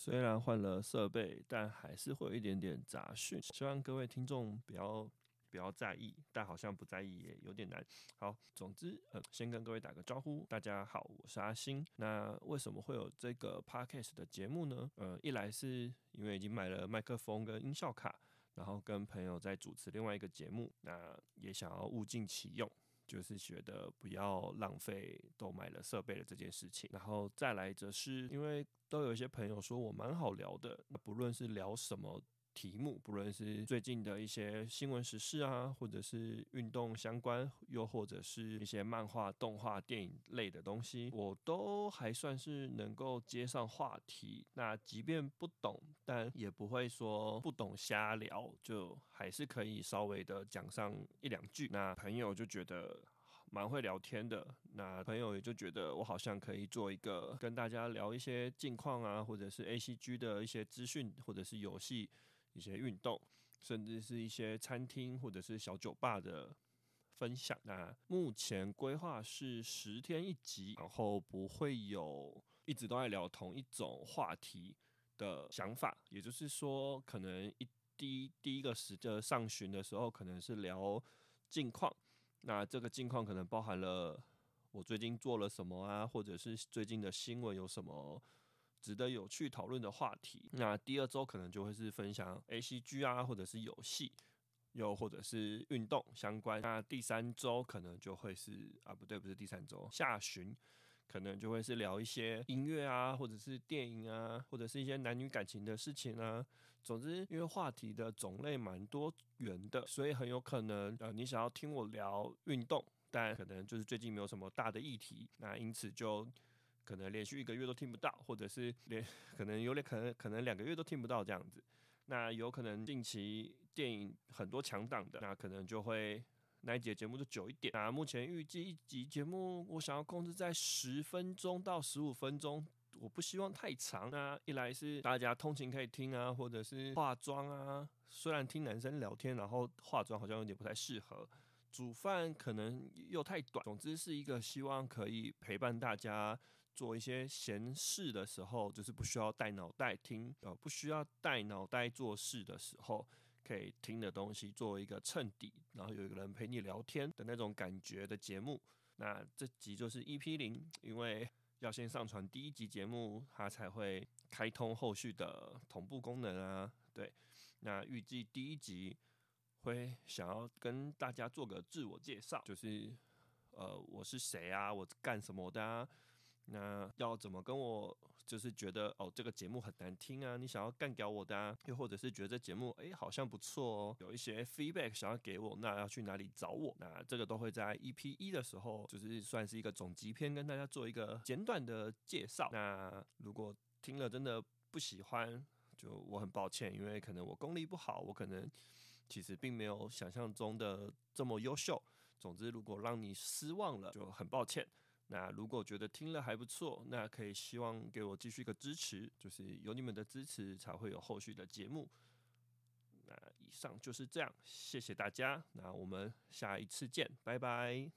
雖然換了設備，但還是會有一點點雜訊，希望各位聽眾不要不要在意，但好像不在意也有點難。好，總之，呃、嗯，先跟各位打個招呼，大家好，我是阿星。那為什麼會有這個 podcast 的節目呢？呃、嗯，一來是因為已經買了麥克風跟音效卡，然後跟朋友在主持另外一個節目，那也想要物盡其用。就是覺得不要浪費都買了設備的這件事情，然後再來則是因為都有一些朋友說我蠻好聊的，不論是聊什麼，題目，不論是最近的一些新聞時事啊，或者是運動相關，又或者是一些漫畫、動畫、電影類的東西，我都還算是能夠接上話題。那即便不懂，但也不會說不懂瞎聊，就還是可以稍微的講上一兩句。那朋友就覺得蠻會聊天的，那朋友也就覺得我好像可以做一個跟大家聊一些近況啊，或者是 ACG 的一些資訊，或者是遊戲。一些運動，甚至是一些餐廳或者是小酒吧的分享。那目前規劃是十天一集，然後不會有一直都在聊同一種話題的想法。也就是說，可能一第第一個時的上旬的時候，可能是聊近況。那這個近況可能包含了我最近做了什麼啊，或者是最近的新聞有什麼。值得有趣討論的話題。那第二周可能就會是分享 ACG 啊，或者是遊戲，又或者是運動相關。那第三周可能就會是啊，不對，不是第三周，下旬可能就會是聊一些音樂啊，或者是電影啊，或者是一些男女感情的事情啊。總之，因為話題的種類蠻多元的，所以很有可能呃，你想要聽我聊運動，但可能就是最近沒有什麼大的議題，那因此就。可能連續一個月都聽不到，或者是連可能有點可能可能兩個月都聽不到這樣子。那有可能近期電影很多強檔的，那可能就會那一集節目就久一點。那目前預計一集節目我想要控制在十分鐘到十五分鐘，我不希望太長。那一來是大家通勤可以聽啊，或者是化妝啊。雖然聽男生聊天，然後化妝好像有點不太適合。煮飯可能又太短。總之是一個希望可以陪伴大家，做一些閒事的時候，就是不需要帶腦袋聽，呃，不需要帶腦袋做事的時候，可以聽的東西，作為一個襯底，然後有一個人陪你聊天的那種感覺的節目。那這集就是 EP 零，因為要先上傳第一集節目，它才會開通後續的同步功能啊。對，那預計第一集會想要跟大家做個自我介紹，就是呃，我是誰啊？我是幹什麼的啊？那要怎麼跟我？就是覺得哦，這個節目很難聽啊，你想要幹掉我的啊，又或者是覺得這節目哎、欸，好像不錯哦，有一些 feedback 想要給我，那要去哪裡找我？那這個都會在 EP 一的時候，就是算是一個總集篇，跟大家做一個簡短的介紹。那如果聽了真的不喜歡，就我很抱歉，因為可能我功力不好，我可能其實並沒有想象中的這麼優秀。總之，如果讓你失望了，就很抱歉。那如果覺得聽了還不錯，那可以希望給我繼續一個支持，就是有你們的支持才會有後續的節目。那以上就是這樣，謝謝大家，那我們下一次見，拜拜。